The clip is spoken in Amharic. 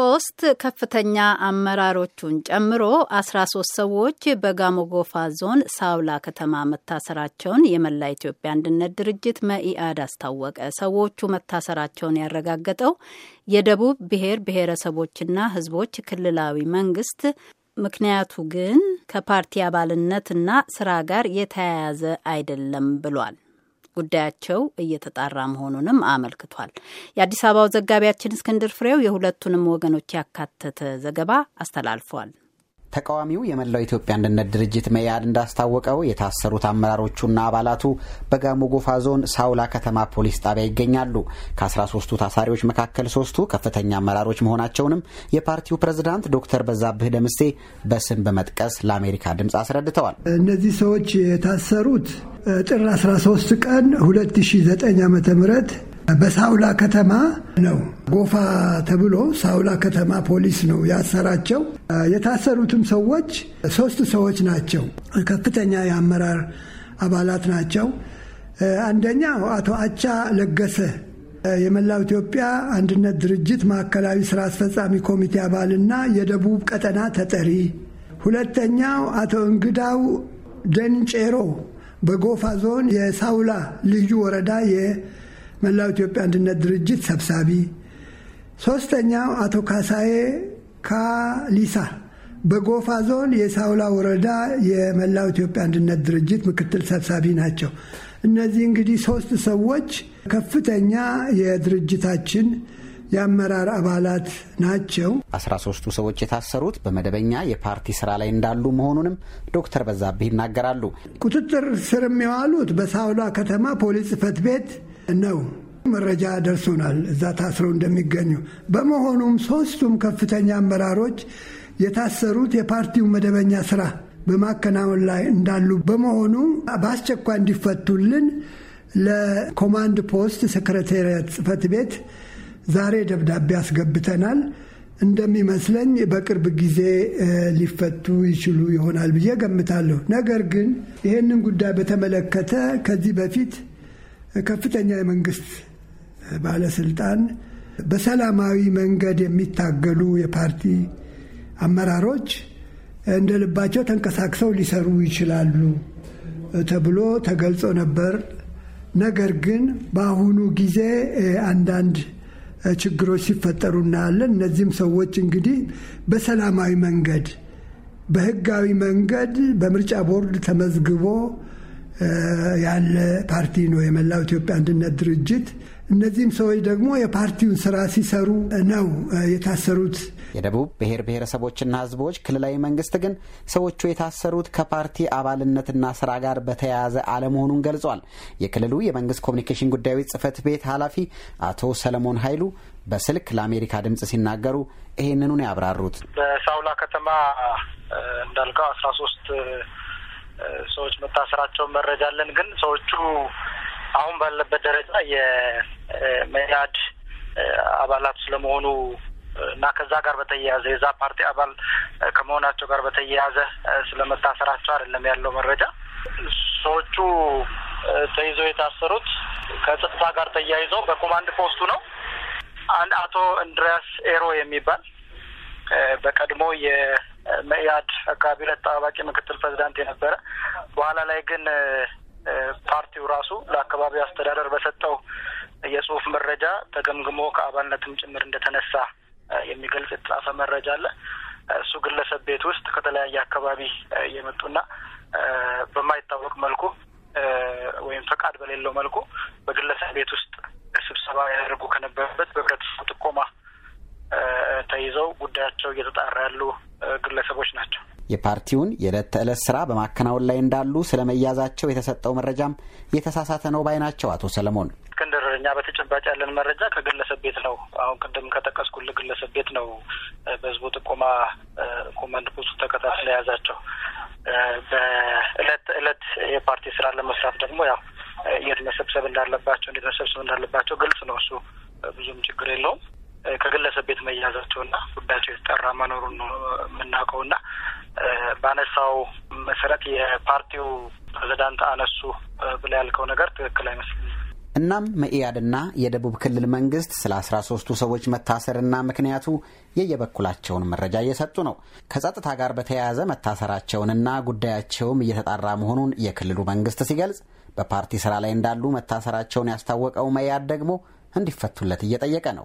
ሶስት ከፍተኛ አመራሮቹን ጨምሮ 13 ሰዎች በጋሞጎፋ ዞን ሳውላ ከተማ መታሰራቸውን የመላ ኢትዮጵያ አንድነት ድርጅት መኢአድ አስታወቀ። ሰዎቹ መታሰራቸውን ያረጋገጠው የደቡብ ብሔር ብሔረሰቦችና ሕዝቦች ክልላዊ መንግስት ምክንያቱ ግን ከፓርቲ አባልነትና ስራ ጋር የተያያዘ አይደለም ብሏል። ጉዳያቸው እየተጣራ መሆኑንም አመልክቷል። የአዲስ አበባው ዘጋቢያችን እስክንድር ፍሬው የሁለቱንም ወገኖች ያካተተ ዘገባ አስተላልፏል። ተቃዋሚው የመላው ኢትዮጵያ አንድነት ድርጅት መያድ እንዳስታወቀው የታሰሩት አመራሮቹና አባላቱ በጋሞ ጎፋ ዞን ሳውላ ከተማ ፖሊስ ጣቢያ ይገኛሉ። 13 ታሳሪዎች መካከል ሶስቱ ከፍተኛ አመራሮች መሆናቸውንም የፓርቲው ፕሬዝዳንት ዶክተር በዛብህ ደምሴ በስም በመጥቀስ ለአሜሪካ ድምፅ አስረድተዋል። እነዚህ ሰዎች የታሰሩት ጥር 13 ቀን 2009 ዓ.ም በሳውላ ከተማ ነው። ጎፋ ተብሎ ሳውላ ከተማ ፖሊስ ነው ያሰራቸው። የታሰሩትም ሰዎች ሶስት ሰዎች ናቸው። ከፍተኛ የአመራር አባላት ናቸው። አንደኛው አቶ አቻ ለገሰ የመላው ኢትዮጵያ አንድነት ድርጅት ማዕከላዊ ስራ አስፈጻሚ ኮሚቴ አባልና የደቡብ ቀጠና ተጠሪ። ሁለተኛው አቶ እንግዳው ደንጨሮ በጎፋ ዞን የሳውላ ልዩ ወረዳ መላው ኢትዮጵያ አንድነት ድርጅት ሰብሳቢ፣ ሶስተኛው አቶ ካሳዬ ካሊሳ በጎፋ ዞን የሳውላ ወረዳ የመላው ኢትዮጵያ አንድነት ድርጅት ምክትል ሰብሳቢ ናቸው። እነዚህ እንግዲህ ሶስት ሰዎች ከፍተኛ የድርጅታችን የአመራር አባላት ናቸው። አስራ ሶስቱ ሰዎች የታሰሩት በመደበኛ የፓርቲ ስራ ላይ እንዳሉ መሆኑንም ዶክተር በዛብህ ይናገራሉ። ቁጥጥር ስር የሚዋሉት በሳውላ ከተማ ፖሊስ ጽፈት ቤት ነው። መረጃ ደርሶናል እዛ ታስረው እንደሚገኙ። በመሆኑም ሶስቱም ከፍተኛ አመራሮች የታሰሩት የፓርቲውን መደበኛ ስራ በማከናወን ላይ እንዳሉ በመሆኑ በአስቸኳይ እንዲፈቱልን ለኮማንድ ፖስት ሰክረታሪያት ጽህፈት ቤት ዛሬ ደብዳቤ አስገብተናል። እንደሚመስለኝ በቅርብ ጊዜ ሊፈቱ ይችሉ ይሆናል ብዬ ገምታለሁ። ነገር ግን ይህንን ጉዳይ በተመለከተ ከዚህ በፊት ከፍተኛ የመንግስት ባለስልጣን በሰላማዊ መንገድ የሚታገሉ የፓርቲ አመራሮች እንደ ልባቸው ተንቀሳቅሰው ሊሰሩ ይችላሉ ተብሎ ተገልጾ ነበር። ነገር ግን በአሁኑ ጊዜ አንዳንድ ችግሮች ሲፈጠሩ እናያለን። እነዚህም ሰዎች እንግዲህ በሰላማዊ መንገድ በህጋዊ መንገድ በምርጫ ቦርድ ተመዝግቦ ያለ ፓርቲ ነው የመላው ኢትዮጵያ አንድነት ድርጅት። እነዚህም ሰዎች ደግሞ የፓርቲውን ስራ ሲሰሩ ነው የታሰሩት። የደቡብ ብሔር ብሔረሰቦችና ሕዝቦች ክልላዊ መንግስት ግን ሰዎቹ የታሰሩት ከፓርቲ አባልነትና ስራ ጋር በተያያዘ አለመሆኑን ገልጿል። የክልሉ የመንግስት ኮሚኒኬሽን ጉዳዮች ጽህፈት ቤት ኃላፊ አቶ ሰለሞን ኃይሉ በስልክ ለአሜሪካ ድምጽ ሲናገሩ ይህንኑን ያብራሩት። በሳውላ ከተማ እንዳልከው አስራ ሶስት ሰዎች መታሰራቸውን መረጃ አለን። ግን ሰዎቹ አሁን ባለበት ደረጃ የመያድ አባላት ስለመሆኑ እና ከዛ ጋር በተያያዘ የዛ ፓርቲ አባል ከመሆናቸው ጋር በተያያዘ ስለመታሰራቸው አይደለም ያለው መረጃ። ሰዎቹ ተይዘው የታሰሩት ከጸጥታ ጋር ተያይዞ በኮማንድ ፖስቱ ነው። አንድ አቶ እንድሪያስ ኤሮ የሚባል በቀድሞ የ መያድ አካባቢ ለተጠባባቂ ምክትል ፕሬዚዳንት የነበረ በኋላ ላይ ግን ፓርቲው ራሱ ለአካባቢ አስተዳደር በሰጠው የጽሁፍ መረጃ ተገምግሞ ከአባልነትም ጭምር እንደተነሳ የሚገልጽ የተጻፈ መረጃ አለ። እሱ ግለሰብ ቤት ውስጥ ከተለያየ አካባቢ የመጡና በማይታወቅ መልኩ ወይም ፈቃድ በሌለው መልኩ በግለሰብ ቤት ውስጥ ስብሰባ ያደርጉ ከነበረበት በህብረተሰቡ ጥቆማ ተይዘው ጉዳያቸው እየተጣራ ያሉ ግለሰቦች ናቸው። የፓርቲውን የዕለት ተዕለት ስራ በማከናወን ላይ እንዳሉ ስለመያዛቸው የተሰጠው መረጃም የተሳሳተ ነው ባይ ናቸው አቶ ሰለሞን። እስክንድር እኛ በተጨባጭ ያለን መረጃ ከግለሰብ ቤት ነው። አሁን ቅድም ከጠቀስኩል ግለሰብ ቤት ነው በህዝቡ ጥቆማ ኮማንድ ፖስቱ ተከታትሎ የያዛቸው። በእለት እለት የፓርቲ ስራ ለመስራት ደግሞ ያው የት መሰብሰብ እንዳለባቸው እንዴት መሰብሰብ እንዳለባቸው ግልጽ ነው። እሱ ብዙም ችግር የለውም። ከግለሰብ ቤት መያዛቸውና ጉዳያቸው የተጠራ መኖሩን ነው የምናውቀው እና ባነሳው መሰረት የፓርቲው ፕሬዚዳንት አነሱ ብለ ያልከው ነገር ትክክል አይመስልም። እናም መኢአድና የደቡብ ክልል መንግስት ስለ አስራ ሶስቱ ሰዎች መታሰርና ምክንያቱ የየበኩላቸውን መረጃ እየሰጡ ነው። ከጸጥታ ጋር በተያያዘ መታሰራቸውንና ጉዳያቸውም እየተጣራ መሆኑን የክልሉ መንግስት ሲገልጽ፣ በፓርቲ ስራ ላይ እንዳሉ መታሰራቸውን ያስታወቀው መኢአድ ደግሞ እንዲፈቱለት እየጠየቀ ነው።